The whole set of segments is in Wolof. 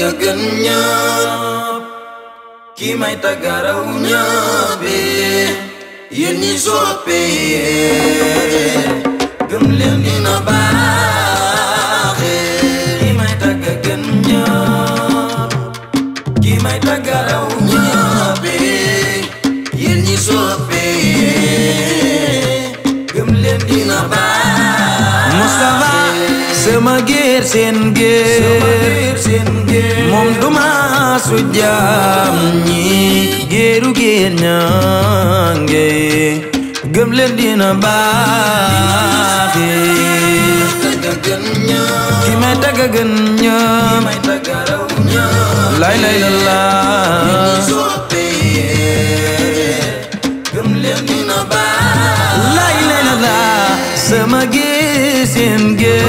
taga ñëpp ki may taga raw ñëpp yéen ñi soppee gëm eh. magir seen géer moom duma su jaam ñi géeru géer ñange gëm leen dina baaxe ki may tagga gën ñoom lay lay la laa gëm leen dina baaxe lay lay la laa sama géer Simge,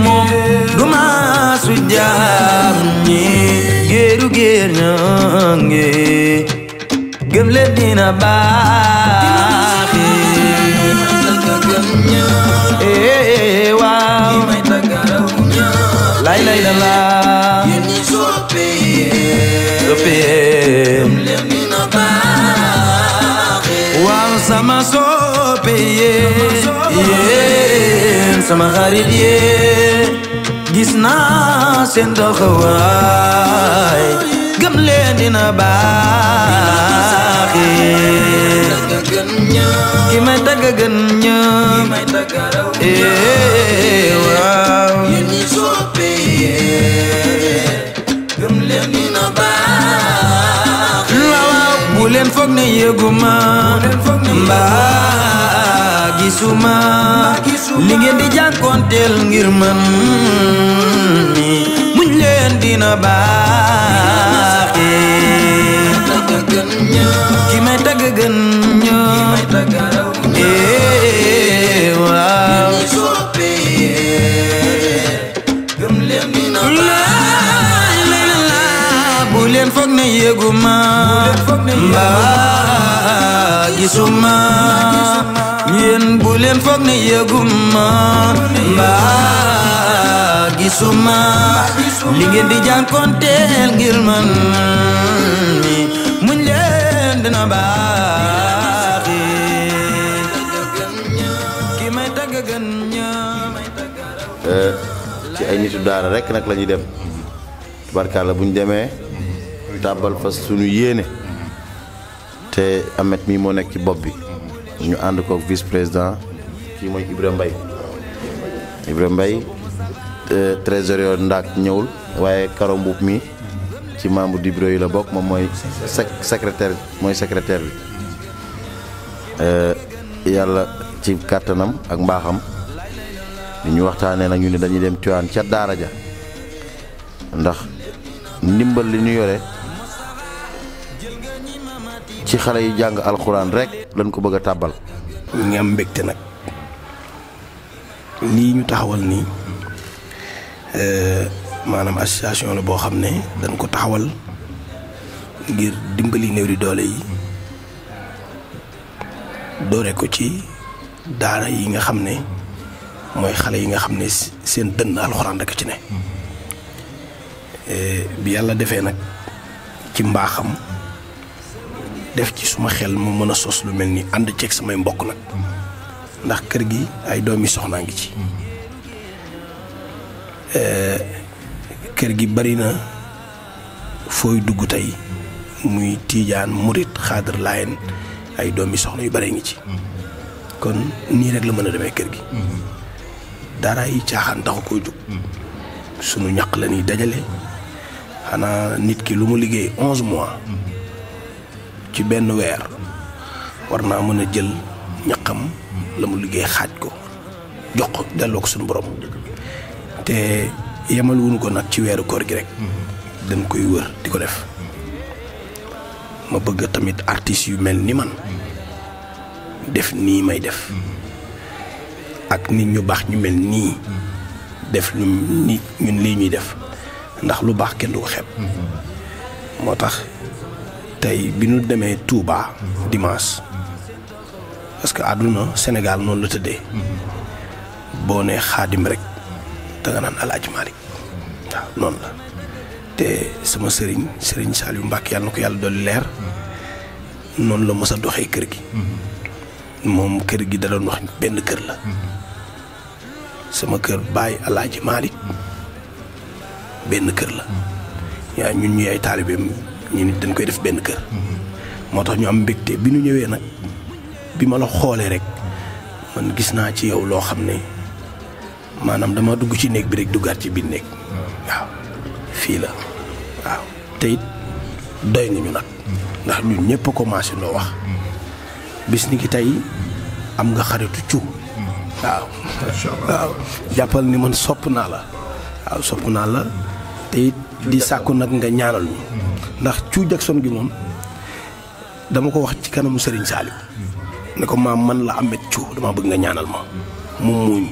mo moom du maasu jaar ñi géeru géer ñaa ngi gëm dina sama xarit yee gis naa seen doxawaay gëm leen dina baaxee ki may tagg gën ñoom ee eh, waaw bu leen foog ne yëguma mbaa gisuma li ngeen di jànkoonteel ngir man muñ leen dina baaxe ki may tagg gën ñoo eh, waaw foog ne yéguma mbaa gisuma yéen bu leen foog ne yéguma mbaa gisuma li ngeen di jànkonteel ngir man muñ leen dina baaxi ki may tagg gën ña eh, ci ay nitu daara rek nag la ñuy dem tubarkàlla bu ñu demee tàbbal fa suñu yéene te Ahmed mii moo nekk ci bopp bi ñu ànd kook vice président kii mooy mbay Mbaye mbay Mbaye trésorier ndaak ñëwul waaye Karo Mbuub mi ci membre du bureau yi la bokk moom mooy sec secrétaire mooy secrétaire bi euh, yàlla ci kàttanam ak mbaaxam li ñu waxtaanee nag ñu ne dañuy dem Tiwaawan ca daara ja ndax ndimbal li ñu yore ci xale yu jàng alxuraan rek lañ ko bëgg a tàbbal. ñu ngi mbégte nag lii ñu taxawal nii euh, maanaam association la boo xam ne dañ ko taxawal ngir dimbali néew di doole yi doore ko ci daara yi nga xam ne mooy xale yi nga xam ne seen dënn alxuraan rek ci ne euh, bi yàlla defee nag ci mbaaxam. def ci suma xel mu mën a sos lu mel ni ànd ceeg samay mbokk nag ndax kër gi ay doomi soxnaa ngi ci eh, kër gi bari na fooy dugg tey muy tiijaan murit xaadar laayen ay doomi soxna yu baree ngi ci kon nii rek la mën a demee kër gi dara yi caaxaan taxu koo jóg sunu ñaq la dajale xanaa nit ki lu mu liggéey onze mois ci benn weer war naa mën a jël ñaqam la mu liggéey xaaj ko jox ko delloo ko suñu borom te yemal wuñu ko nag ci weeru koor gi rek dañ koy wër di ko def ma bëgg tamit artiste yu mel ni man def nii may def ak nit ñu baax ñu mel nii def lu ñun lii ñuy def ndax lu baax kenn du ko xeeb moo tax tey bi nu demee Touba dimanche parce que àdduna Sénégal noonu la tëddee boo nee xaadim rek danga naan Alaaji Malick noonu la te sama sëriñ sëriñ Saliou Mbacke yàlla ko yàlla dolli leer noonu la mësa doxee kër gi moom kër gi da doon wax benn kër la sama kër bàyyi Alaaji Malick benn kër la yaa ñun ñu ay taalibeem ñi nit dañ koy def benn kër moo tax ñu am mbégte bi ñu ñëwee nag bi ma la xoolee rek man gis naa ci yow loo xam ne maanaam dama dugg ci néeg bi rek duggaat ci biir néeg waaw fii la waaw te it doy nga ñu nag ndax ñun ñëpp commencé wax bis ni ki tey am nga xaritu cu waaw waaw jàppal ni man sopp naa la waaw sopp la te di sàkku nag nga ñaanal ndax ciu Jackson gi mom dama ko wax ci kanamu Serigne Saliou ne ko ma man la amé ciu dama bëgg nga ñaanal ma mu muñ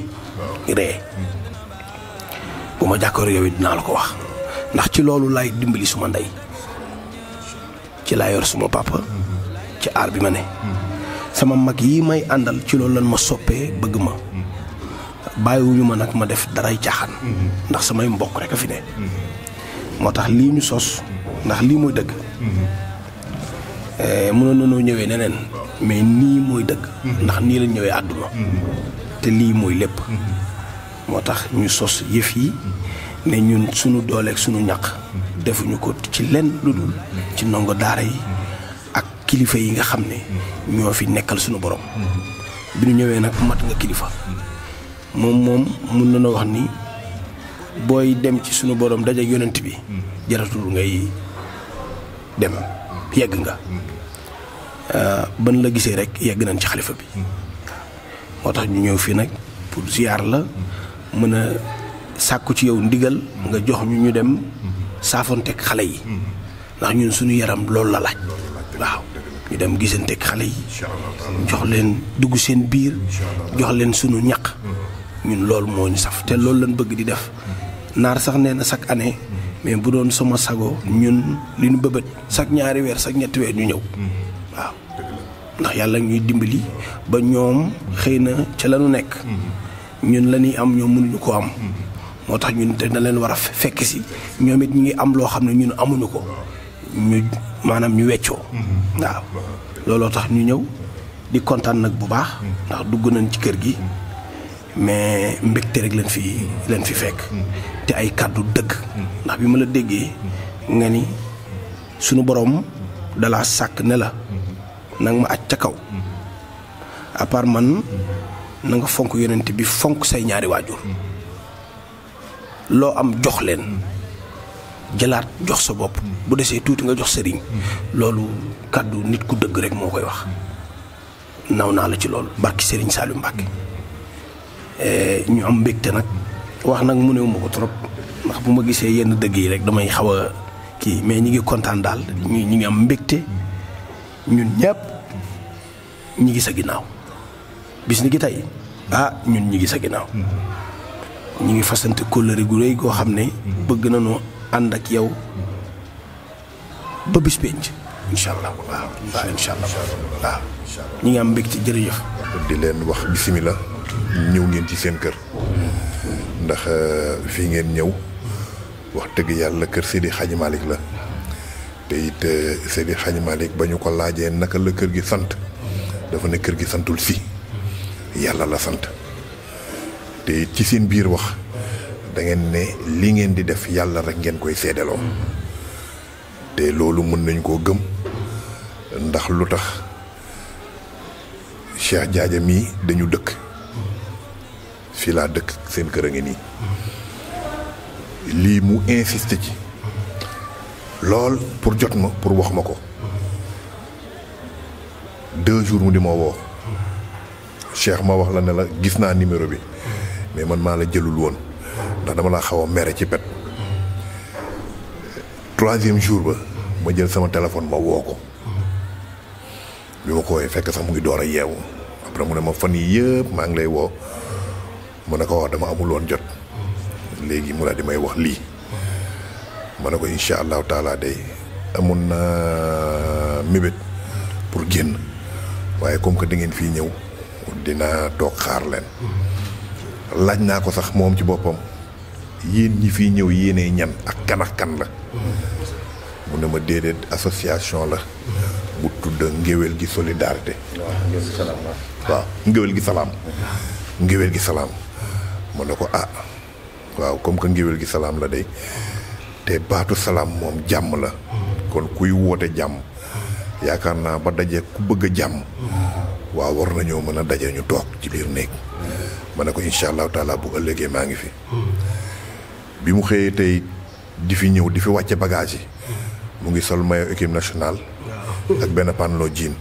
ré buma jakkor yow dina la ko wax ndax ci lolu lay dimbali suma nday ci la yor suma papa ci ar bi mané sama mag yi may andal ci lolu lan ma soppé bëgg ma bàyyiwuñu ma nak ma def daray jaxan ndax samay mbokk rek fi né motax li ñu sos ndax limo mooy dëgg eh, mënoon nanoo ñëwee neneen mais nii mooy dëgg ndax nii la ñëwee àdduna te lii mooy lépp moo ñu sos yëf yi ne ñun sunu dooleeg sunu ñaq defuñu ko ci lenn lu ci ndongo daara yi ak kilifa yi nga ñoo fi nekkal borom bi ñu ñëwee mat nga kilifa mom moom mun na wax ni boy dem ci sunu borom dajeeg yonent bi jaratul ngay dem yegg nga euh, ban la gisee rek yegg nañ ci xalifa bi moo tax ñu ñëw fii nag pour ziar la mën a sàkku ci yow ndigal nga jox ñu ñu dem saafonteeg xale yi ndax ñun suñu yaram loolu la laaj waaw ñu dem gisanteeg xale yi jox leen dugg seen biir jox leen suñu ñaq ñun loolu moo ñu saf te loolu lañ bëgg di def naar sax nee na chaque année mais bu doon sama sago ñun li ñu bëbët saknya ñaari wër chaque ñett wër ñu ñëw waaw ndax yàlla ñuy dimbali ba ñoom xëy na ca nekk ñun la am ñoom mënuñu ko am moo tax ñun te na leen war fekk si ñoom it ñi am loo xam ne ñun amuñu ko ñu maanaam ñu weccoo waaw looloo tax ñu ñëw di kontaan nag bu baax ndax dugg nañ ci kër gi mais mbégte rek leen fi leen fi fekk. te ay kàddu dëgg. ndax bi ma la déggee. nga ni sunu boroom dalaa sàkk ne la. nanga ma aj ca kaw. à man na fonk yonent bi fonk say ñaari waajur. loo am jox leen. jëlaat jox sa bopp. bu desee tuuti nga jox sëriñ. loolu kàddu nit ku dëgg rek moo koy wax. naw naa la ci loolu barki sëriñ Saliou Mbacke. Eh, ñu am mbégte nag wax nag mu newuma ko trop ndax bu ma gisee yenn dëgg yi rek damay xaw a kii mais ñi ngi kontaan daal ñu ñu ngi am mbégte ñun ñëpp ñi ngi sa ginnaaw bis ni ki tey ah ñun ñi ngi sa ginnaaw mm-hmm. ñi ngi fasante kóllëre gu réy goo xam ne mm-hmm. bëgg nañoo ànd ak yow mm-hmm. ba bis penc incha allah waaw waaw ñi ngi am mbégte jërëjëf di leen wax bisimilah ñëw ngeen ci seen kër ndax euh, fii ngeen ñëw wax dëgg yàlla kër Seydi Hadji Malick la te it euh, Seydi Hadji ba ñu ko laajee naka la kër gi sant dafa ne kër gi santul si yàlla la sant te it ci seen biir wax dangeen ne li ngeen di def yàlla rek ngeen koy seedeloo te loolu mën nañ koo gëm ndax lu tax Cheikh Jaaja mii dañu dëkk fi la dëkk seen kër a ngi nii lii mu insisté ci lool pour jot ma pour wax ma deux jours mu di ma woo cheikh ma wax la ne la gis naa numéro bi mais man maa la jëlul woon ndax dama laa xaw a ci pet troisième jour ba ma jël sama téléphone ma woo ko bi ma ko woowee fekk sax mu ngi door a yeewu après mu ne ma fan yi yëpp maa ngi lay woo mu ne ko wax dama amul woon jot léegi mu ne di may wax lii ma ne ko incha allahu taala day amoon na euh, mébét pour génn waaye comme que da ngeen fii ñëw dina toog xaar leen laaj naa ko sax moom ci boppam yéen ñi fii ñëw yéenee ñan ak kan kan la mu ne ma déedéet association la bu tudd ngéwél gi solidarité waaw ngéwél gi salaam ngéwél gi salaam mu ne ko ah waaw comme que ngéwél gi salaam la day te baatu salaam moom jàmm la kon kuy woote jàmm yaakaar naa ba daje ku bëgg a jàmm waaw war nañoo mën a daje ñu toog ci biir néeg ma ne ko incha allahu taala bu ëllëgee maa ngi fi bi mu xëyee tey di fi ñëw di fi wàcce bagage yi mu ngi sol mayo équipe nationale ak benn panloo jiin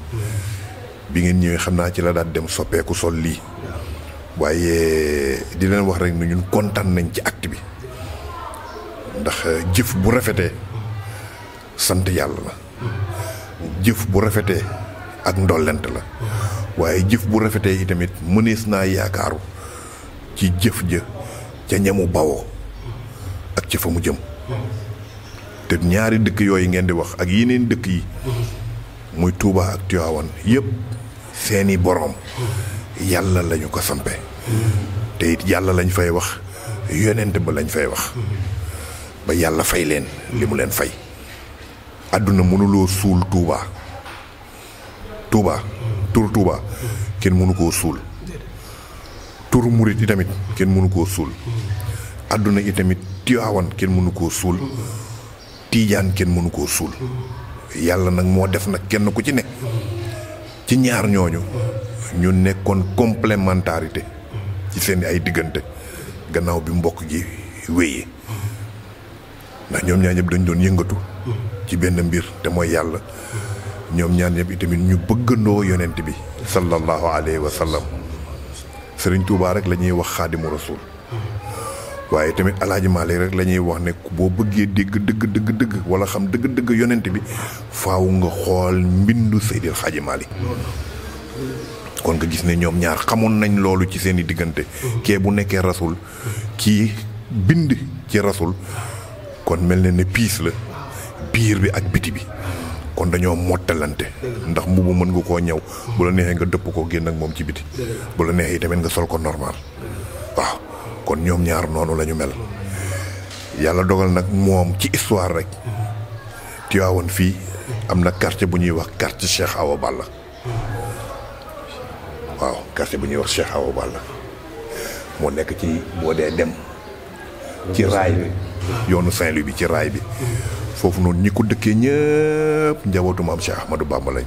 bi ngeen ñëwee xam naa ci la daan dem soppeeku sol lii waaye di leen wax rek ne ñun kontaan nañ ci acte bi ndax jëf bu rafetee sant yàlla na jëf bu rafetee ak ndollent la waaye jëf bu rafetee tamit mënees naa yaakaaru ci jëf ja ca ñamu bawoo ak ca fa mu jëm te ñaari dëkk yooyu ngeen di wax ak yeneen dëkk yi muy tuubaa ak Tivaouane yëpp seeni boroom yàlla lañu ko sampe te it yàlla lañu fay wax yonent ba lañ fay wax ba yàlla fay leen li mu leen fay àdduna mënuloo suul tuubaa tuubaa tur tuubaa kenn mënu koo suul tur murit itamit kenn mënu koo suul àdduna itamit tiwaawan kenn mënu koo suul tiijaan kenn mënu koo suul yàlla nag moo def nag kenn ku ci nekk ci ñaar ñooñu ñu nekkoon complémentarité ci seeni ay diggante gannaaw bi mbokk gi wéyee ndax ñoom ñaar ñëpp dañ doon yëngatu ci benn mbir te mooy yàlla ñoom ñaar ñëpp itamit ñu bëggandoo yonent bi sallallahu alayhi wa sallam sëriñ Tuubaa rek la ñuy wax xaadimu rasul waaye tamit alaaji Maalik rek la ñuy wax nekk boo bëggee dégg dëgg dëgg dëgg wala xam dëgg dëgg yonent bi faaw nga xool mbindu Seydil Xaaji Maalik kon nga gis ne ñoom ñaar xamoon nañ loolu ci seeni diggante. kee bu nekkee rasul. kii bind ci rasul. kon mel na ne piis la. biir bi ak biti bi. kon dañoo mottalante. ndax mbubu mën nga koo ñëw. bu la neexee nga dëpp ko génn ak moom ci biti. bu la neexee tamit nga sol ko normal. waaw kon ñoom ñaar noonu lañu ñu mel. yàlla dogal nag moom ci histoire rek. Tiwaawoon fii am na quartier bu ñuy wax quartier Cheikh Awa Balla. waaw quartier bu ñuy wax Cheikh Awa Balla moo nekk ci boo dee dem ci raay bi yoonu saylu bi ci raay bi foofu noonu ñi ko dëkkee ñëpp njabootu maam Cheikh Ahmadou Bamba lañ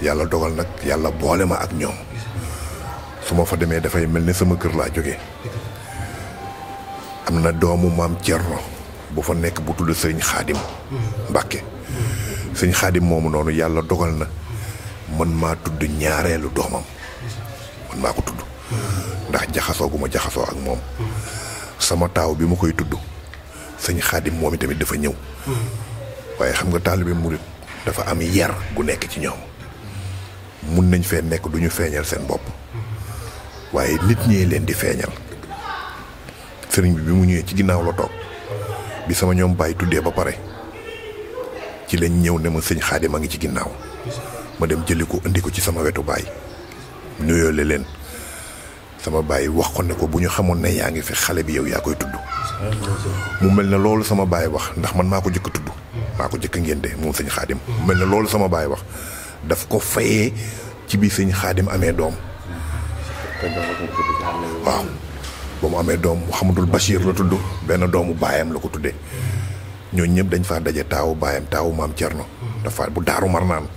yàlla dogal nag yàlla boole ma ak ñoom su ma fa demee dafay mel ni sama kër laa jóge am na doomu maam Thierno bu fa nekk bu tudd sëriñ xaadim Mbàkke sëriñ xaadim moomu noonu yàlla dogal na man maa tudd ñaareelu doomam man maa ko tudd. ndax jaxasoo gu ma jaxasoo ak moom. sama taaw bi ma koy tudd sëñ xaadim moom itamit dafa ñëw. waaye xam nga taalibe murit dafa am yar gu nekk ci ñoom. mun nañ fee nekk du ñu feeñal seen bopp. waaye nit ñi leen di feeñal. sëriñ bi bi mu ñëwee ci ginnaaw la toog. bi sama ñoom bàyyi tuddee ba pare. ci lañ ñëw ne ma sëñ xaadim a ngi ci ginnaaw. ma dem jëli ko indi ko ci sama wetu baay. nuyoole leen sama baay wax ko ne ko bu ñu xamoon ne yaa ngi fi xale bi yow yaa koy tudd. mu mel ne loolu sama baay wax ndax man maa ko jëkk tudd. maa ko jëkk ngénte moom sëñ xaadim. mu mel ne loolu sama baay wax daf ko fayee ci bi sëñ xaadim amee doom. waaw ba mu amee doom xamatul Bachir la tudd benn doomu baayam la ko tuddee. ñooñu ñëpp dañ faa daje taawu baayam taawu maam Thierno. dafa bu daaru mar naan.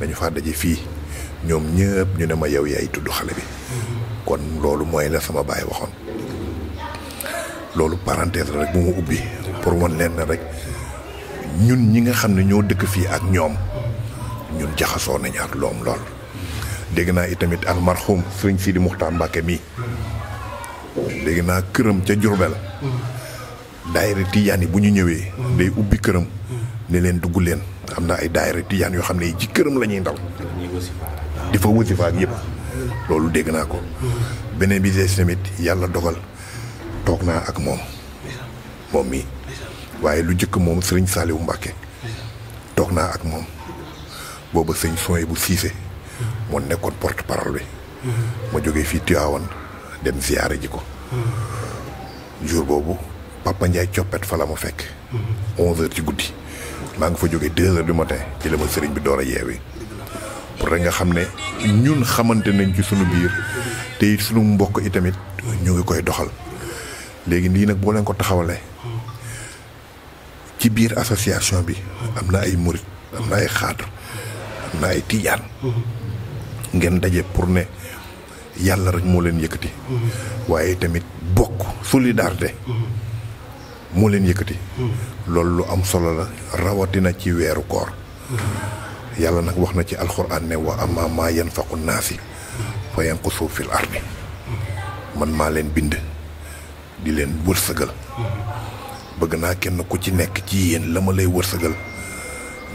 dañu faa daje fii. ñom ñepp ñu ne yow yaay tuddu xale bi kon lolu moy la sama baye waxon lolu parenthèse rek bu mu ubbi pour won len rek ñun ñi nga xamne ñoo dëkk fi ak ñom ñun jaxaso nañ ak lom lool dégg na itamit almarhum serigne sidi muxtaar mbake mi dégg na kërëm ca jurbel daayira tijaan bu ñu ñëwé day ubbi kërëm ne len duggu len amna ay daayira tijaan yo xamne ci kërëm lañuy ndal di fa wuti faak yëpp loolu dégg naa ko beneen bi des tamit yàlla dogal toog naa ak moom moom mii waaye lu njëkk moom sëriñ Saliou Mbacke toog naa ak moom booba sëñ sooy bu siise moo nekkoon porte parole bi moo jógee fii Tiwaawan dem ziyaare ji ko jour boobu Papa njaay coppet fa la ma fekk onze heures ci guddi maa ngi fa jógee deux heures du matin ci la ma sëriñ bi door a yeewi pour rek nga xam ne ñun xamante nañ ci suñu biir te it sunu mbokk itamit ñu ngi koy doxal léegi nii nag boo leen ko taxawale ci biir association bi am na ay murit am na ay xaadar am na ay tijaan ngeen daje pour ne yàlla rek moo leen yëkkati waaye tamit bokk solidarité moo leen yëkkati loolu lu am solo la rawatina ci weeru koor yàlla nag wax na ci alxuraan ne wa amaa maa yanfaqu naasi fa yanqusu fil ardi man maa leen bind di leen wërsëgal bëgg naa kenn ku ci nekk ci yéen la ma lay wërsëgal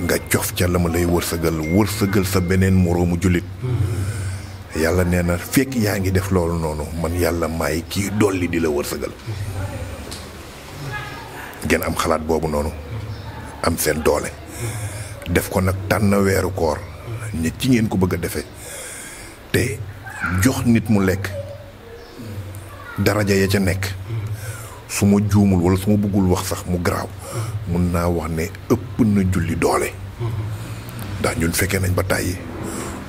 nga cof ca la ma lay wërsëgal wërsëgal sa beneen moroomu jullit yàlla nee na fekk yaa ngi def loolu noonu man yàlla may kii dolli di la wërsëgal ngeen am xalaat boobu noonu am seen doole def ko nak tan wéru koor ne ci ngeen ko bëgg défé defe te jox nit mu lek daraja ya ca nek suma joomul wala suma bëggul wax sax mu graw mën na wax né ëpp na julli doolé da ñun féké nañ ba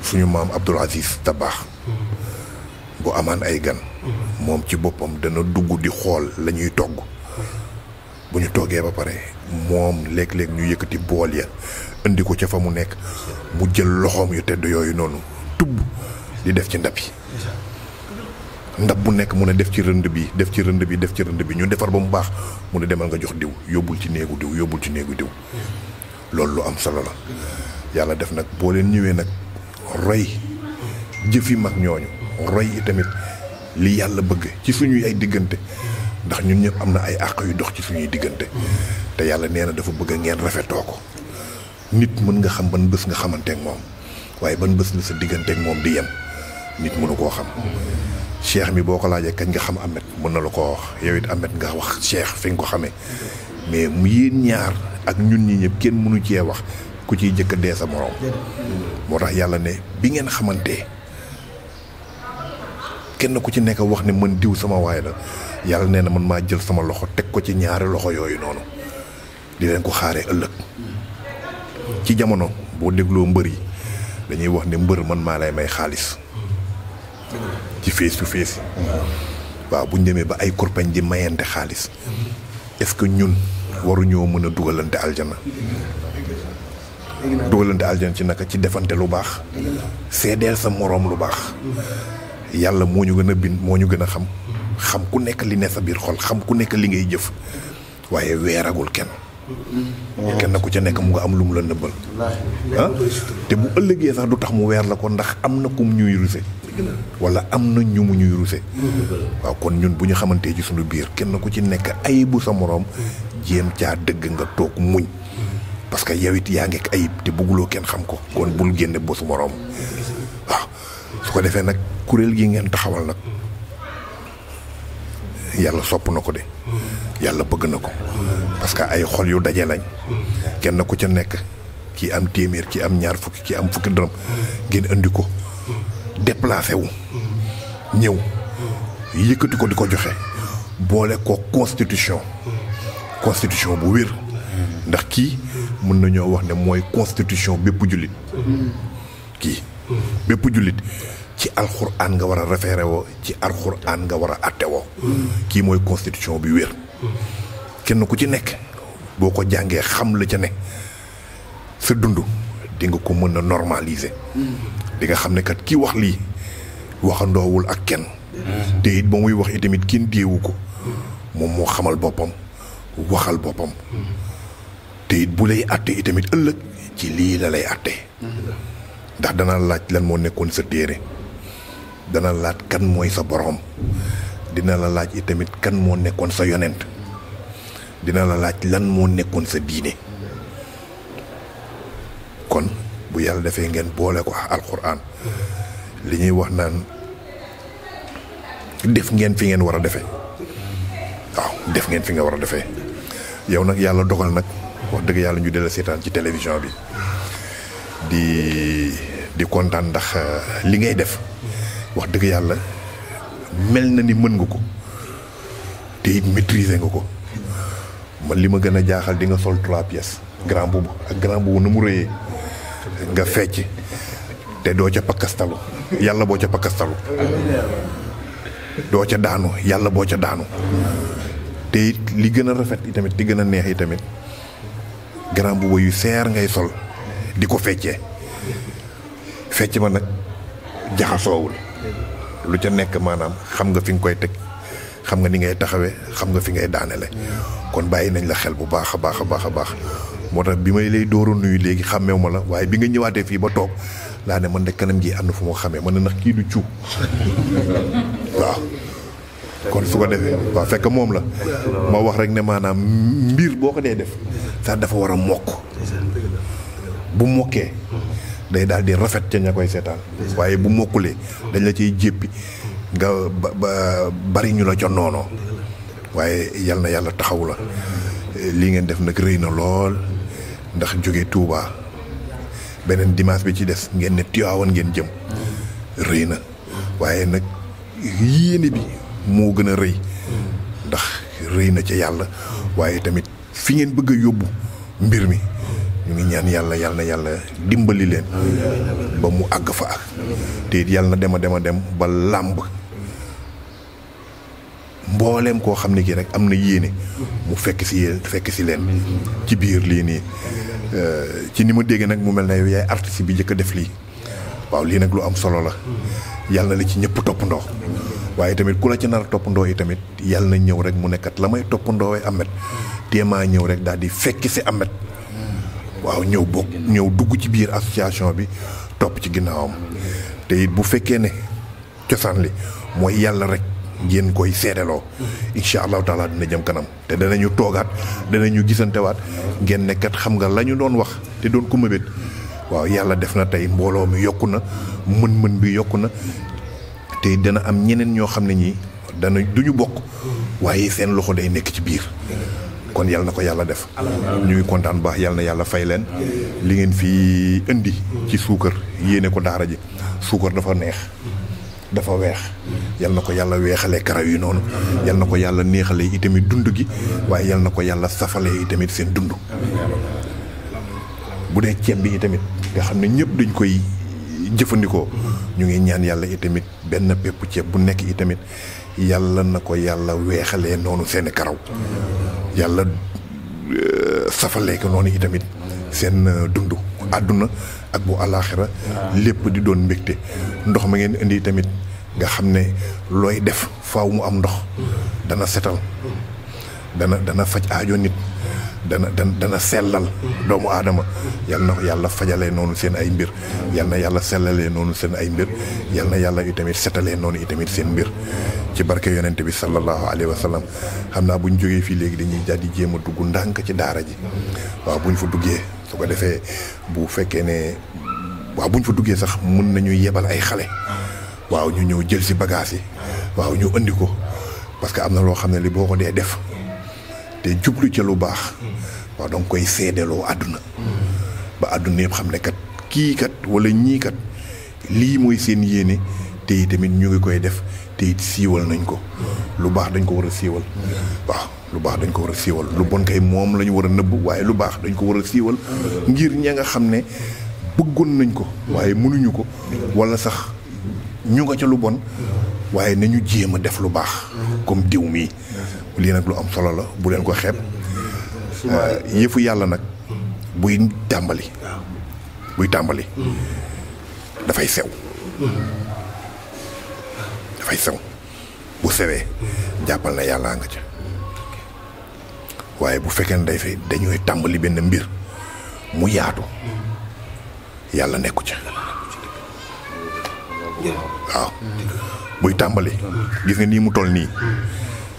suñu maam abdul aziz tabah, bu aman ay gan mom ci boppam dana dugg di xol lañuy togg bu ñu toogee ba pare moom léeg-léeg ñu yëkkati bool ya indi ko ca fa mu nekk mu jël loxoom yu tedd yooyu noonu tubb di def ci ndab yi ndab bu nekk mu ne def ci rënd bi def ci rënd bi def ci rënd bi ñu defar ba mu baax mu ne demal nga jox diw yóbbul ci néegu diw yóbbul ci néegu diw loolu lu am solo la yàlla def nag boo leen ñëwee nag roy yi mag ñooñu roy itamit li yàlla bëgg ci suñuy ay diggante ndax ñun ñëpp am na ay àq yu dox ci suñuy diggante te yàlla nee na dafa bëgg ngeen rafetoo ko nit mën nga xam ban bés nga xamanteeg moom waaye ban bés la sa digganteeg moom di yem nit mënu koo xam cheikh mi boo ko kañ nga xam amet mën na la wax yow it amet nga wax cheikh fi nga ko xamee mais mu yéen ñaar ak ñun ñi ñëpp kenn mënu cee wax ku ciy jëkk dee sa morom moo tax yàlla ne bi ngeen xamantee kenn ku ci nekk wax ne man diw sama waay la yàlla nee na man maa jël sama loxo teg ko ci ñaari loxo yooyu noonu di leen ko xaaree ëllëg ci jamono boo dégloo mbër yi dañuy wax ne mbër man maa lay may xaalis ci face to face waaw bu ñu demee ba ay kurpañ di mayante xaalis est-ce que ñun waruñoo mën a dugalante aljana dugalante aljana ci naka ci defante lu baax seedeel sa moroom lu baax yàlla moo ñu gën a bind moo ñu gën a xam xam ku nekk li ne sa biir xol xam ku nekk li ngay jëf waaye weeragul kenn mm-hmm. kenn ku ca nekk mu nga am lu mu la nëbbal ah te bu ëllëgee sax du tax mu weer la ko ndax am na kum ñuy ruse am na ñu mu ñuy mm-hmm. waaw kon ñun bu ñu xamantee ci suñu biir kenn ku ci nekk ayib bu sa moroom mm-hmm. jéem caa dëgg nga toog muñ parce que yow it yaa ngi ak ayib te bugguloo kenn xam ko kon bul génne bosu moroom waaw su ko defee nag kuréel gi ngeen taxawal nag yàlla sopp na ko de yàlla bëgg na ko parce que ay xol yu daje lañ kenn ku ca nekk kii am téeméer ki am ñaar fukki ki am fukki dërëm ngeen indi ko déplacé wu ñëw yëkkati ko di ko joxe boole ko constitution constitution bu wér ndax kii mën nañoo wax ne mooy constitution bépp jullit kii bépp jullit ci alxuraan nga war a référé woo ci alxuraan nga war a atte kii mooy constitution bi wér kenn ku ci nekk boo ko jàngee xam la ca ne sa dund di nga ko mën a normaliser di nga xam ne kat kii wax lii waxandoowul ak kenn te it ba muy wax itamit kenn déewu ko moom moo xamal boppam waxal boppam te it bu lay àtte itamit ëllëg ci lii la lay àtte ndax danaa laaj lan moo nekkoon sa téere dana laaj kan mooy sa borom dina la laaj itamit kan moo nekkoon sa yonent dina la laaj lan moo nekkoon sa diine kon bu yàlla defee ngeen boole ko alquran li ñuy wax naan def ngeen fi ngeen war a defee waaw def ngeen fi nga war a defee yow nag yàlla dogal nag wax dëgg yàlla ñu dela seetaan ci télévision bi di di kontaan ndax euh, li ngay def wax dëgg yàlla mel na ni mën nga ko te it maîtriser nga ko ma li ma gën a jaaxal di nga sol trois pièces grand boobu ak grand boobu nu mu rëyee nga fecc te doo ca pakkastalu yàlla boo ca pakkastalu doo ca daanu yàlla boo ca daanu te it li gën a rafet itamit di gën a neex itamit grand boobu yu seer ngay sol di ko feccee fecc ma nag jaxasoowul lu ca nekk maanaam xam nga fi nga koy teg xam nga ni ngay taxawe xam nga fi ngay daanele kon bàyyi nañ la xel bu baax a baax a baax a baax moo tax bi may lay dooru nuyu léegi xàmmeewu ma la waaye bi nga ñëwaatee fii ba toog laa ne man de kanam gi am na fu ma xamee man na ndax kii du cuub waaw kon su ko defee waaw fekk moom la ma wax rek ne maanaam mbir boo ko dee def sax dafa war a mokk bu mokkee day daal di rafet ca ña koy seetaan. waaye bu mokkulee. dañ la ciy jéppi nga ba ba bari ñu la ca noonoo waaye yal na yàlla taxaw la. lii ngeen def nag rëy na lool ndax jóge Touba beneen dimaas bi ci des ngeen ne Tiwaawan ngeen jëm. rëy na waaye nag yéene bi moo gën a rëy. ndax rëy na ca yàlla waaye tamit fi ngeen bëgg yóbbu mbir mi. ñu ngi ñaan yalla yalla na dimbali leen ba mu ag fa ak te na dema dema dem ba lamb mbollem ko xamni ne rek amna yene mu fekk ci fekk ci leen ci biir ni euh ci ni mu deg nak mu mel ne yaay artiste bi jëk def li waaw li nak lu am solo la yalla na ci ñepp top ndo waye tamit kula ci nar top ndo yi tamit yalla na rek mu nekkat top ndo way amet tema ñew rek daal di fekk ci amet waaw ñëw bokk ñëw dugg ci biir association bi topp ci ginnaawam te it bu fekkee ne cosaan li mooy yàlla rek ngeen koy seedeloo incha allahu taala dina jëm kanam te danañu toogaat ñu gisantewaat ngeen nekkat xam nga la ñu doon wax te doon ko mëbét waaw yàlla def na tey mbooloo mi yokku na mën-mën bi yokku na te dana am ñeneen ñoo xam ne ñii dana duñu bokk waaye seen loxo day nekk ci biir kon yàlla na ko yàlla def ñu ngi kontaan baax yàlla na yàlla fay leen li ngeen fii indi ci suukar yéene ko daara ji suukar dafa neex dafa weex yal na ko yàlla weexalee karaw yi noonu yal na ko yàlla neexalee itamit dund gi waaye yal na ko yàlla safalee itamit seen dund bu dee ceeb bi itamit nga xam ne ñëpp dañ koy jëfandikoo ñu ngi ñaan yàlla itamit benn pépp ceeb bu nekk itamit yàlla na ko yàlla weexalee noonu seeni karaw yàlla euh, safalee ko noonu itamit seen euh, dund àdduna ak bu alaaxira lépp di doon mbégte ndox ma ngeen indi tamit nga xam ne looy def faaw mu am ndox dana setal dana dana faj aajo nit dana dana dana sellal doomu aadama yal na ko yàlla fajalee noonu seen ay mbir yal na yàlla sellalee noonu seen ay mbir yal na yàlla itamit setalee noonu itamit seen mbir ci barke yonent bi sallallahu alayhi wa sallam xam naa bu ñu jógee fii léegi dañuy jàddi jéem a dugg ndànk ci daara ji waaw buñ fa duggee su ko defee bu fekkee ne waaw buñ ñu fa duggee sax mun nañu yebal ay xale waaw ñu ñëw jël si bagage yi waaw ñu indi ko parce que am na loo xam ne li boo ko dee def te jublu ca lu baax waaw danga koy seedeloo àdduna ba àdduna yëpp xam ne kat kii kat walla ñii kat lii mooy seen yéene te tamit ñu ngi koy def te it siiwal nañ ko lu baax dañ ko war a siiwal waaw lu baax dañ ko war a siiwal lu bon kay moom lañu ñu war a nëbb waaye lu baax dañ ko war a siiwal ngir ña nga xam ne bëggoon nañ ko waaye mënuñu ko walla sax ñu nga ca lu bon waaye nañu jéem a def lu baax comme diw mii lii nag lu am solo la bu leen ko xeeb euh, yëfu yàlla nag buy tàmbali buy tàmbali dafay sew dafay sew bu sewee jàppal na yàllaa nga ca waaye bu fekkee ne day fay dañuy tàmbali benn mbir mu yaatu yàlla nekku ca waaw buy tàmbali gis nga nii mu toll nii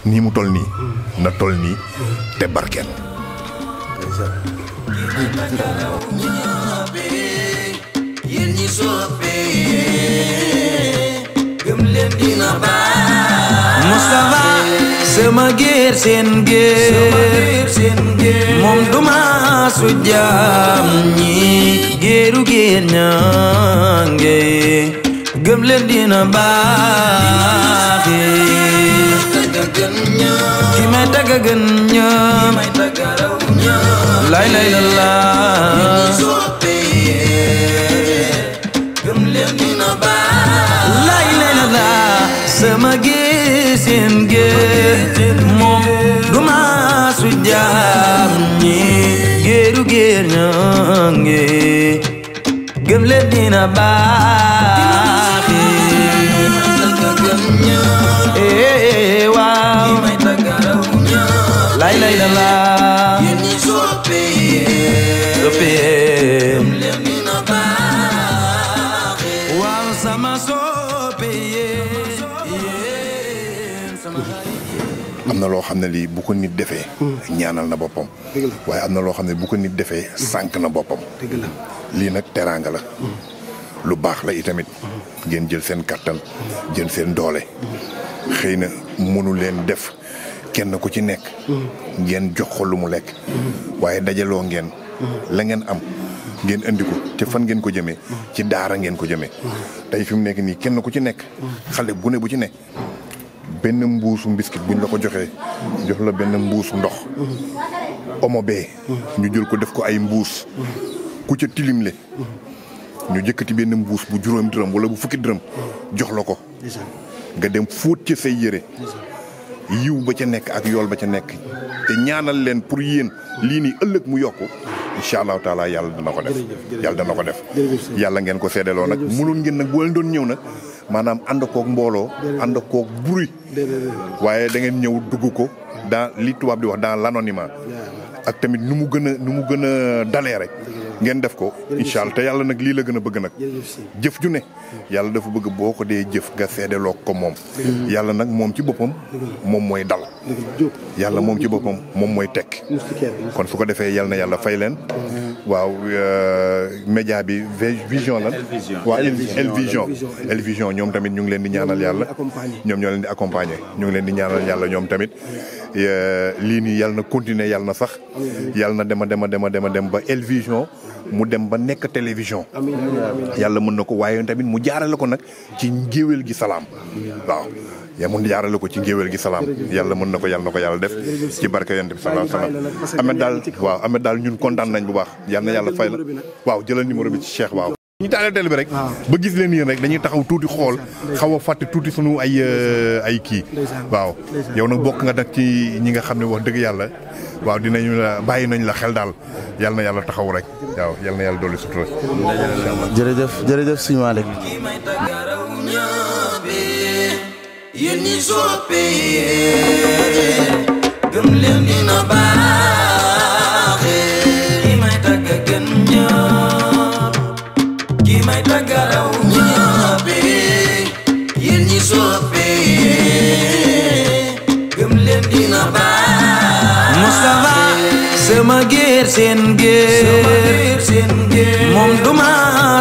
ni mu tol ni na tol ni te barkeel Mustafa ñi soppee gëm sama duma sujam ni ñi gir géer lên đi na ba, gem leen dina baaxee ki may tagga gën ñoom lay lay la la lay lay la la sama gisin géer moom du maasu jaam ñi géeru géer ñoo ngi lên đi na ba. am na loo xam ne lii bu ko nit defee. Hmm. ñaanal na boppam. waaye am na loo xam ne bu ko nit defee hmm. sànq na boppam. lii nag teraanga la. Hmm. lu baax la itamit. ngeen jël seen kattan. jël seen doole. xëy na mënu leen def. kenn ku ci nekk. ngeen jox ko lu mu lekk. waaye dajaloo ngeen. la ngeen am. ngeen andi ko te fan ngeen ko jëmee. ci daara ngeen ko jëmee. day fi mu nekk nii kenn ku ci nekk. xale bu ne bu ci nekk. benn mbuusu mbiskit buñ la ko joxee. jox la benn mbuusu ndox. omo bee. ñu jël ko def ko ay mbuus. ku ca tilimle. ñu jëkkati benn mbuus bu juróom dërëm wala bu fukki dërëm. jox la ko. nga dem fóot ci say yére. yiw ba ca nekk ak yool ba ca nekk te ñaanal leen pour yéen lii nii ëllëg mu yokku incha allahu taala yàlla dana ko def yàlla dana ko def yàlla ngeen ko seedeloo nag mënoon ngeen nag boo leen doon ñëw nag maanaam ànd koog mbooloo ànd koog bruit waaye da ngeen ñëw dugg ko dans li tubaab di wax dans l'anonymat ak tamit nu mu gën a nu mu gën a dalee rek ngeen def ko incha allah te yàlla nag lii la gën a bëgg nag jëf ju ne yàlla dafa bëgg boo ko dee jëf nga seedeloo ko moom yàlla nag moom ci boppam moom mooy dal yàlla moom ci boppam moom mooy tekk kon su ko defee yàlla na yàlla fay leen waaw euh, média bi vision lan waaw El Vision El Vision ñoom tamit ñu ngi leen di ñaanal yàlla ñoom ñoo leen di accompagner ñu ngi di ñaanal yàlla ñoom tamit euh, lii nii yàlla na continuer yàlla na sax yàlla na dema dema dema dema dem ba El mu dem ba nekk télévision yàlla mën na ko waaye tamit mu jaarale ko nag ci ngéwél gi salaam waaw yaa mun jaarale ko ci ngéwél gi salaam yàlla mën na ko yàlla ko yàlla def ci barke yonent bi salaam salaam amet daal waaw amet daal ñun kontaan nañ bu baax yàlla na yàlla fay la waaw jëlal numéro bi ci Cheikh waaw ñu taalee télé bi rek ba gis leen yéen rek dañuy taxaw tuuti xool xaw a fàtte tuuti suñu ay euh, ay kii waaw yow nag bokk nga nag ci ñi nga xam ne wax dëgg yàlla waaw dinañu la bàyyi nañ la xel daal yal na yàlla taxaw rek waaw yal na yàlla dolli sutura. jërëjëf jërëjëf sëñ Malick. yéen ñi soppee gëm leen dina baaxee ki may tagg gën ñëpp ki may tagg raw sama géer seen géer moom duma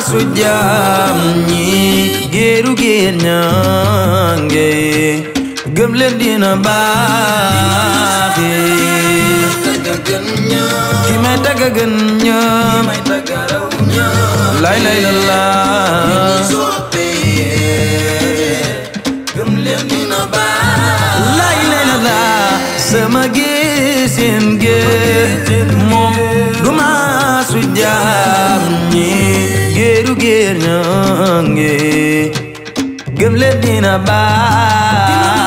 su jaam ñi géeru géer ñange gëm leen dina baaxe ki may tagga gën ñaam lay lay la laa gëm leen dina baaxe lay lay la laa sama géer semge moom du maasu jaar ñi géeru géer ñange gëm leen dina baax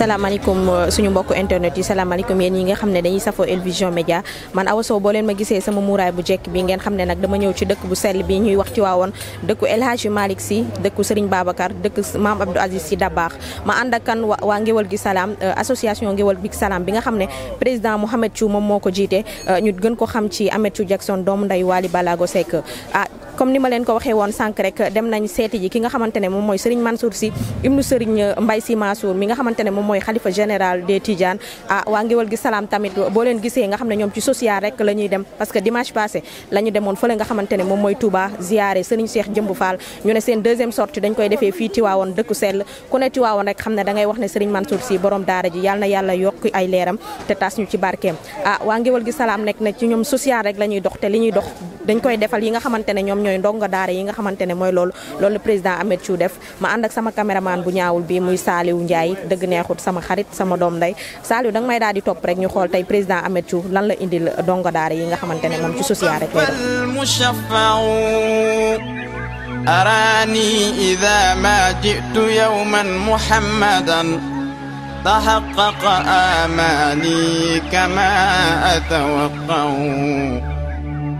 assalamualaikum uh, suñu mbokk internet yi assalamualaikum yeen yi nga xamne dañuy safo Elvision media man awaso bo len ma gisee sama muuraay bu jek bi ngeen xamne nak Maliksi. dama ñew ci Deku bu sel bi ñuy wax ci dekk El Hadji malik si dekk Serigne Babacar dekk mam Abdou Aziz si Dabakh ma ànd ak kan gi salam uh, association ngeewal bi salam bi nga xamne president mohamed Mouhamed Thiou moom ko uh, ñu gën ko xam ci Ahmed Jackson Dom nday wali Balago Sek. Ah, comme ni ma leen ko waxee woon sànq rek dem nañ seeti ji ki nga xamante moom mooy Serigne Mansour Sy ibnu Serigne Mbaye Sy Mansour mi nga ah, leen gisee nga xam ne ñoom ci social rek la ñuy dem parce que dimanche passé la ñu demoon moom mooy Touba ziare Serigne Cheikh Jëmb Fall ñu ne seen deuxième sortie dañ koy defee fii Tiwaawoon dëkku sell ku ne Tiwaawoon rek xam ne da ngay wax ne Serigne Mansour Sy borom daara ji yàlla na yàlla yokk ay leeram te tas ñu ci barkeem ah, waa Ngéwal gi salaam nekk na ci ñoom social rek la ñuy dox te li ñuy dox ñoy ndongo daara yi nga xamantene moy lool lool le président Ahmed chou def ma and ak sama cameraman bu ñaawul bi muy saliw ndjay deug neexut sama xarit sama dom nday saliw dang may daal di top rek ñu xol tay président Ahmed chou lan la indil ndongo daara yi nga xamantene mom ci social rek lay def أراني إذا ما جئت يوما محمدا تحقق آماني كما أتوقع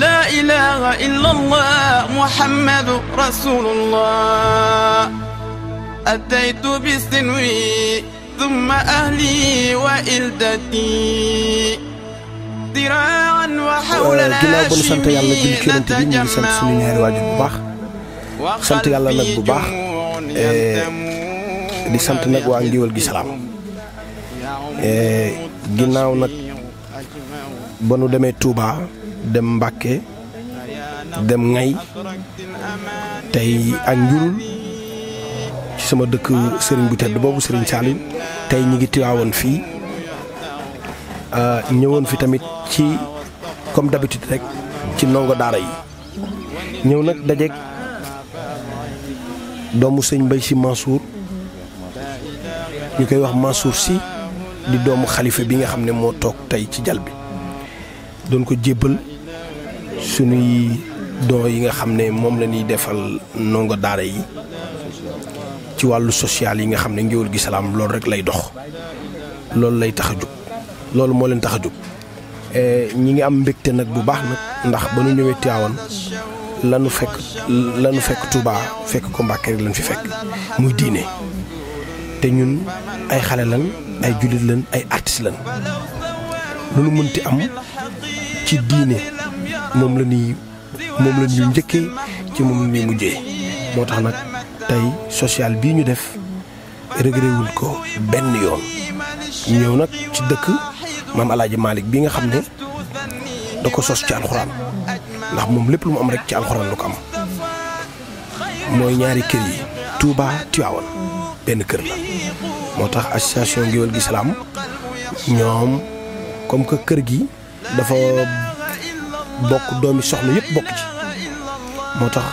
لا إله إلا الله محمد رسول الله أتيت بسنوي ثم أهلي وإلدتي ذراعا وحولنا ginnaaw ba nu sant yàlla julli ci yonent bi ñu ngi sant suñu ñaari waajur bu baax sant yàlla nag bu baax di sant nag waa Ngéwél gi salaam ginnaaw nag ba nu demee Touba dem Mbàkke dem Ngay tay ak njurul ci sama dëkk sëriñ bu tedd bobu sëriñ Salim tay ñi ngi fi euh ñëwoon fi tamit ci comme d'habitude rek ci nongo daara yi ñëw nak dajé doomu sëñ Mbay si Mansour ñu koy wax Mansour si di doomu khalifa bi nga xamne mo tok tay ci jal don ko jébbal sunuy doo yi nga xam ne moom la ñuy defal nongo daara yi ci wàllu social yi nga xam ne gi salaam loolu rek lay dox loolu lay tax a jóg loolu moo leen tax a eh, ñi ngi am mbégte nag bu baax nag ndax ba nu ñëwee Tiwaawan lanu fekk lanu fekk Touba fekk ko Mbàkke rek lañ fi fekk muy diine te ñun ay xale lan ay julit lan ay artiste lan lu nu mënti am ci diine moom la ñuy moom la ñuy njëkkee ci moom mi ñuy mujjee moo tax nag tey social bii ñu def regret wul ko benn yoon ñëw nag ci dëkk maam alaaji Malick bi nga xam ne da ko sos ci alxuraan ndax moom lépp lu mu am rek ci alxuraan lu ko am mooy ñaari kër yi Touba Tivaouane benn kër la moo tax association Gueweul gi Salaam ñoom comme que kër gi dafa bokk doomi soxna yëpp bokk ci moo tax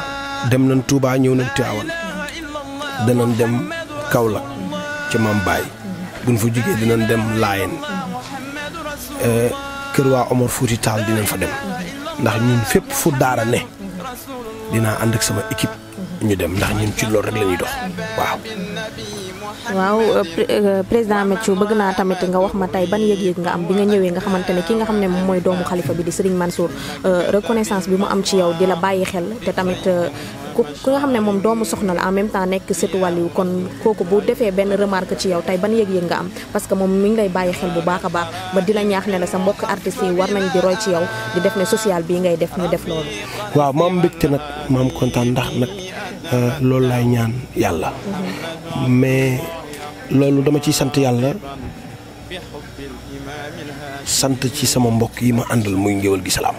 dem nañ tuubaa ñëw nañ Tiwaawan danañ dem Kaolack ci maam Baye buñ fa jugee dinañ dem Laayeen euh, kër waa Omar Fouti Taal dinañ fa dem ndax ñun fépp fu daara ne dinaa ànd ak sama équipe ñu dem ndax ñun ci loolu rek dox waaw waaw euh, euh, président Méthiou bëgg naa tamit nga wax ma tey ban yëg-yëg nga am bi nga ñëwee nga xamante ne ki nga xam ne moom mooy doomu xalifa bi di Serigne Mansour euh, reconnaissance bi mu am ci yow di la bàyyi xel te tamit ku nga xam ne moom doomu soxna la en même temps nekk sëtu wàllu kon kooku bu defee benn remarque ci yow tey ban yëg-yëg nga am parce que moom mi ngi lay bàyyi xel bu baax a baax ba di la ñaax ne la sa mbokk artistes yi war nañ di roy ci yow di def ne social bii ngay def ñu def loolu. waaw maam mbégte nag maam kontaan ndax nag. Euh, loolu laay ñaan yàlla mais loolu dama ciy sant yàlla sant ci sama mbokk yi ma àndal muy ngéwal gi salaam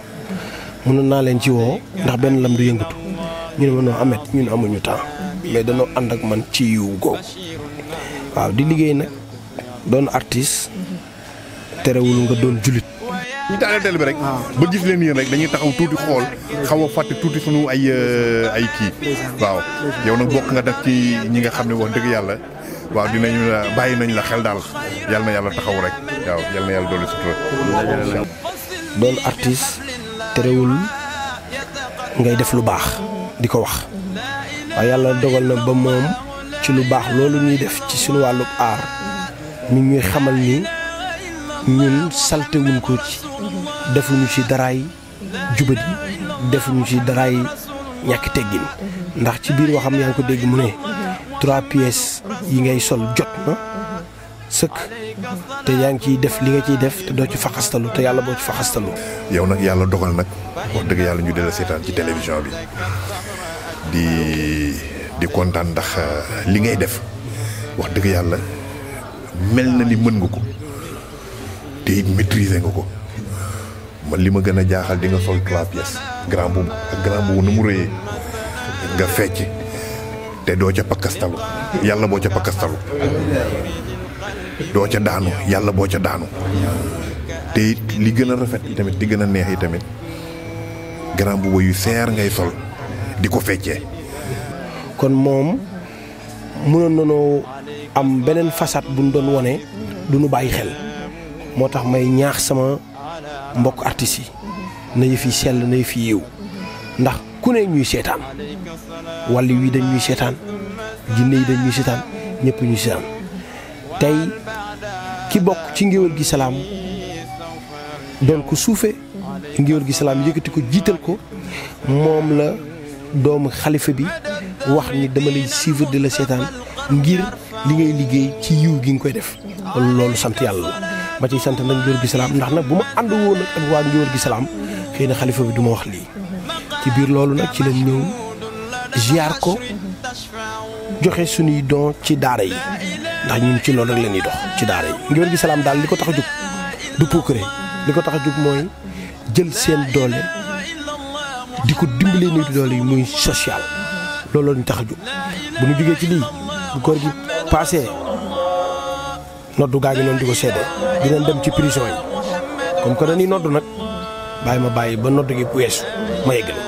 mënoon naa leen ci woo ndax benn lam du yëngatu ñu ne ma amet ñun amuñu temps mais danoo ànd ak man ci yiw googu waaw di liggéey nag doon artis terewul nga doon jullit ñu taaleel télé bi rek ah. ba gis leen yéen rek dañuy taxaw tuuti xool xaw a fàtte tuuti sunu ay euh, ay kii waaw yow nag bokk nga def ci ñi nga xam ne wax dëgg yàlla waaw dinañu la bàyyi nañ la xel daal yàlla na yàlla taxaw rek waaw yàlla na yàlla dolli sutura doon artiste terewul ngay def lu baax di ko wax waaye yàlla dogal na ba moom ci lu baax loolu ñuy def ci suñu wàllu aar mi ñuy xamal ni ñun saltewuñ ko ci ñu ci daraay jubadi ñu ci daraay ñak teggine ndax ci biir waxam yaa ko degg mu ne trois pièces yi ngay sol jot na seuk te ngi def li nga ci def te Yaunak ci faxastalu te yalla bo ci faxastalu yow nak yalla dogal nak wax deug yalla ñu dela ci télévision bi di di contane ndax euh, li ngay def wax deug yalla mel na ni mën nga ko te maîtriser nga ko li ma gën a jaaxal di nga sol trois pièces grand boobu ak grand boobu nu mu rëyee nga fecc te doo ca pakkastalu yàlla boo ca pakkastalu doo ca daanu yàlla boo ca daanu te li gën a rafet yi tamit li gën a neex yi tamit grand boobu yu seer ngay sol di ko feccee kon moom mënoon nanoo am beneen façade bu ñu doon wone du ñu bàyyi xel moo tax may ñaax sama mbokk artistes yi na yëf sell na yëf yi yiw ndax ku ne ñuy seetaan wàllu yi dañ ñuy seetaan jinne yi dañ ñuy seetaan ñëpp ñuy seetaan tey ki bokk ci ngéwél gi salaam doon ko suufe ngéwél gi salaam yëkkati ko jiital ko moom la doomu xalifa bi wax ni dama lay suivre di la seetaan ngir li ngay liggéey ci yiw gi nga koy def loolu sant yàlla la ma ciy sant nag njóor gi salaam ndax nag bu ma ànd woon ak waa njóor gi salaam xëy xalifa bi du wax lii ci biir loolu nag ci lañ ñëw ziar ko joxe suñuy doo ci daara yi ndax ñun ci loolu rek leen ñuy dox ci daara yi njóor gi salaam daal li ko tax a jóg du puukare li ko tax a jóg mooy jël seen doole di ko dimbalee nitu doole yi muy social loolu la tax a jóg bu ñu jógee ci lii bu koor gi passé noddu gaa ngi noonu di ko seede dinañ dem ci prison yi comme que dañuy noddu nag bàyyi ma bàyyi ba noddu gi weesu ma yeggali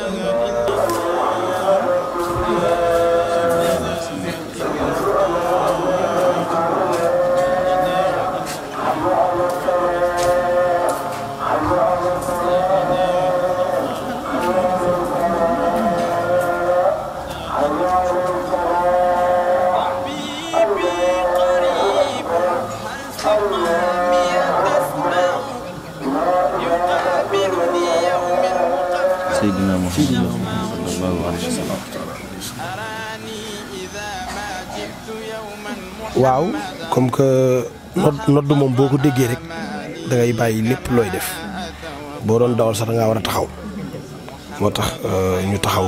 comme que nodd moom boo ko déggee rek da bàyyi lépp looy def boo doon dawal sax da war a taxaw moo tax euh, ñu taxaw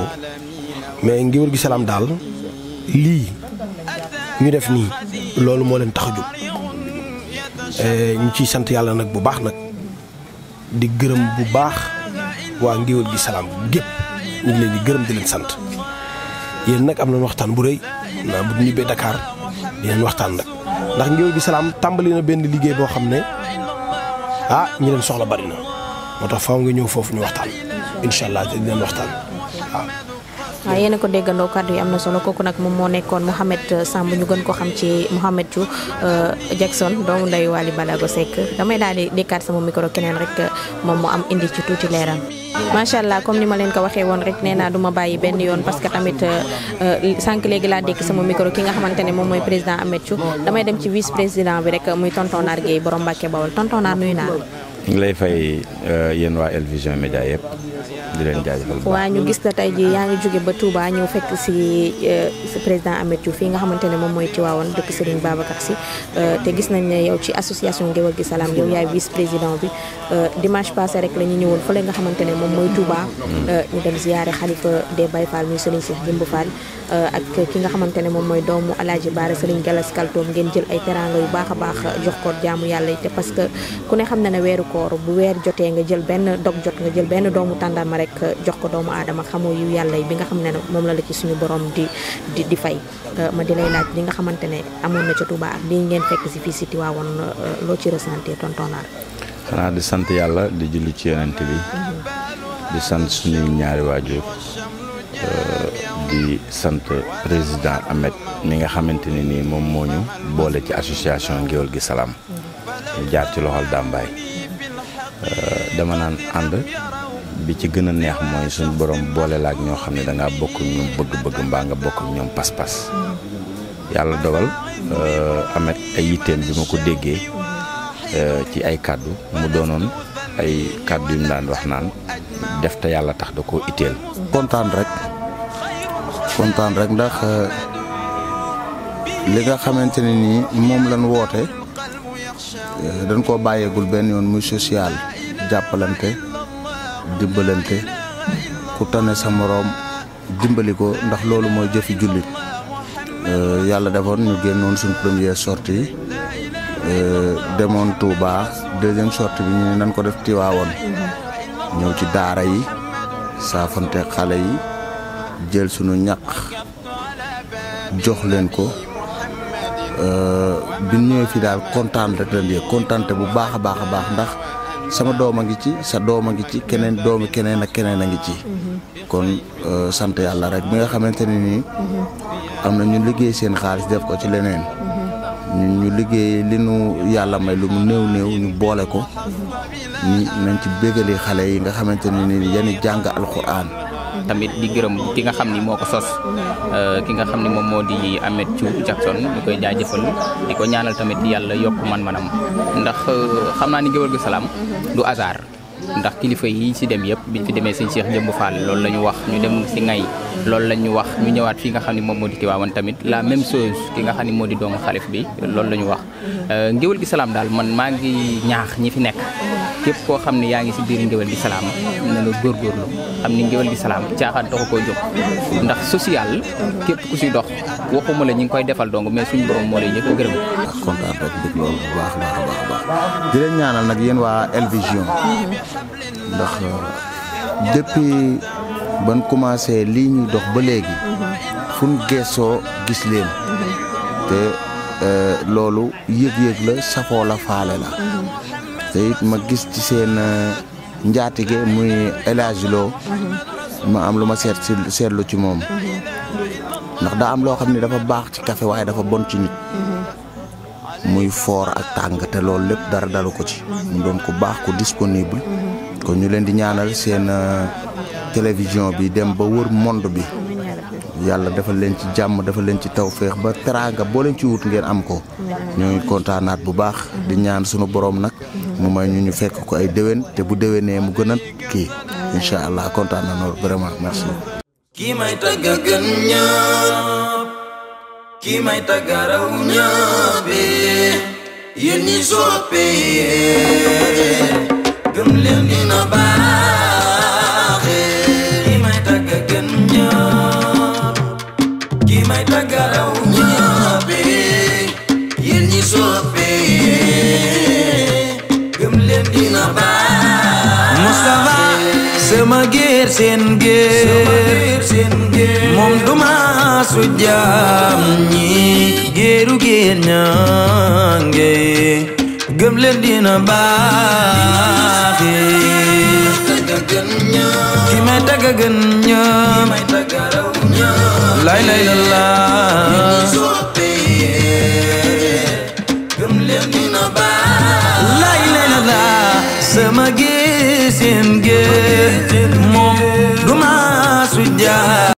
mais Ngéwél gi Salaam daal lii ñu def nii loolu moo leen tax a jóg ñu ciy sant yàlla nag bu baax nag di gërëm bu baax waa Ngéwél gi Salaam gépp ñu ngi gërëm di leen sant yéen nag am nañ waxtaan bu rëy naa bu ñibbee waxtaan nag ndax ngéwél gi salaam tàmbali na benn liggéey boo xam ne ah ñu leen soxla bari na moo tax faw nga ñëw foofu ñu waxtaan incha allah te dinañ waxtaan. yéen a ko déggandoo kàddu yi am na solo kooku nag moom moo nekkoon Mouhamed Samb ñu gën ko xam ci Mouhamed Thiou euh, Jackson doomu ndeyu Wally Balago Seck damay daal di dékkaat sama micro keneen rek moom mu am indi ci tuuti leeral. macha allah comme ni ma leen ko waxee woon rek nee naa du ma bàyyi benn yoon parce que tamit euh, euh, sànq léegi laa dékk sama micro ki nga xamante ne moom mooy président Ahmed Thiou damay dem ci vice président bi rek muy tontonaar Guèye borom Mbàkke Bawol tontonaar nuyu naa. ngi lay fay yéen waa El Vision Média yëpp. di leen waa ñu gis la tey ji yaa ngi jóge ba Touba ñëw fekk si eh, président Ameth Diouf fii nga xamante ne moom mooy Tiwaawoon dëkk Serigne Babacar Sy eh, te gis nañ ne yow ci association Ngéwél gi Salaam yow yaay vice président bi eh, dimanche passé rek la ñu ñëwoon fële nga xamante ne moom mooy Touba mm. ñu dem ziyaare xalifa des Baye Fall muy Serigne Cheikh Jimbu Fall ak ki nga xamante ne moom mooy doomu Alaaji Baara Serigne Galas Kaltoom ngeen jël ay teranga yu baax a baax jox ko jaamu yàlla yi te parce que ku ne xam na ne weeru koor bu weer jotee nga jël benn dog jot nga jël benn doomu tàndarma rek jox ko doomu aadama xamoo yu yàlla bi nga xam ne moom la la ci suñu borom di di di fay euh, ma di lay laaj li nga xamante ne amoon na ca Touba ak lii ngeen fekk si fii si Tiwaawoon euh, loo ci ressenti tontonaar xanaa di sant yàlla di julli ci yonent bi mhm. di sant suñu ñaari waajur euh, di sant président Ahmed mi nga xamante ni nii moom moo ñu boole ci association Ngéwél gi Salaam ñu mhm. jaar ci loxol Dàmbaay dama naan ànd bi ci gën a neex mooy suñu borom boole la ak ñoo xam ne da ngaa bokk ñoom bëgg-bëgg mbaa nga bokk ñoom pas-pas. yàlla dogal euh, amet ay yitteem bi ma ko déggee euh, ci ay kàddu mu doonoon ay kàddu yu mu daan wax naan def te yàlla tax da ko itteel. kontaan rek kontaan rek ndax euh, li nga xamante ne nii moom lañ woote dañ ko bàyyeegul benn yoon muy social jàppalante. dimbalante ku tane sa moroom dimbali ko ndax loolu mooy jëfi jullit euh, yàlla defoon ñu génnoon suñ première sortie euh, demoon Touba deuxième sortie bi ñu ne nañ ko def tiwaawan ñëw ci daara yi saafante xale yi jël sunu ñaq jox leen ko euh, bi ñëwee fi daal kontaan rek kontaante bu baax a baax a baax ndax sama doom a ngi ci sa doom a ngi ci keneen doomi keneen ak keneen a ngi ci. kon euh, sant yàlla rek bi nga xamante ne nii. am na ñu liggéey seen xaalis def ko ci leneen. ñu liggéey li nu yàlla may lu mu néew néew ñu boole ko. ni nañ ci bégali xale yi nga xamante ni nii yani jàng alxuraan. tamit di gërëm ki nga xam ni moo ko sos euh, ki nga xam ni moom moo di Ameth Thiou Jackson ñu koy jaajëfal di ko ñaanal tamit yàlla yokk man-manam ndax euh, xam naa ni Géwël gu Salaam du hasard ndax kilifa yi ci dem yëpp biñ fi demee sëñ Cheikh Jëmb Fall loolu la ñu wax ñu dem si ngay loolu la ñu wax ñu ñëwaat fii nga xam ne moom moo di Tiwaawan tamit la même chose ki nga xam ne moo di doomu xalif bi loolu la ñu wax Euh, ngéwél gi salaam daal man maa ngi ñaax ñi fi nekk képp koo xam ne yaa ngi si biir ngéwél gi salaam na nga góorgóorlu xam ni ngéwél gi salaam caaxaan taxu koo jóg ndax social képp ku si dox waxuma la ñi ngi koy defal dong mais suñu borom moo lay ñëpp gërëm ñaanal nag yéen waa El ndax euh, depuis ban commencé lii ñuy dox ba léegi fu ñu geesoo gis leen te Euh, loolu yëg-yëg la safoo la faale la te ma gis ci seen euh, njaatige muy élage ma am lu ma seet si seetlu ci moom ndax daa am loo xam ne dafa baax ci kafe waaye dafa bon ci nit muy foor ak tàng te loolu lépp dara dalu ko ci mu doon ku baax ku disponible kon ñu leen di ñaanal seen euh, télévision bi dem ba wër monde bi yàlla dafa leen ci jàmm dafa leen ci tawféex ba teraanga boo leen ci wut ngeen am ko ñooy kontaanaat bu baax di ñaan sunu boroom nag mu may ñu ñu fekk ko ay déwén te bu déwénee mu gën a kii incha allah kontaan na noonu vraiment merci kii may tagga gën ñëpp kii may tagga raw gëm leen dina baax sama géer seen géer moom duma su jaam ñi géeru géer ñaange gëm leen dina baaxe ki may tagga gën ñaam lay lay la laa gëm leen dina baaxe lay lay la laa sama géer seen géej moom du ma su jaar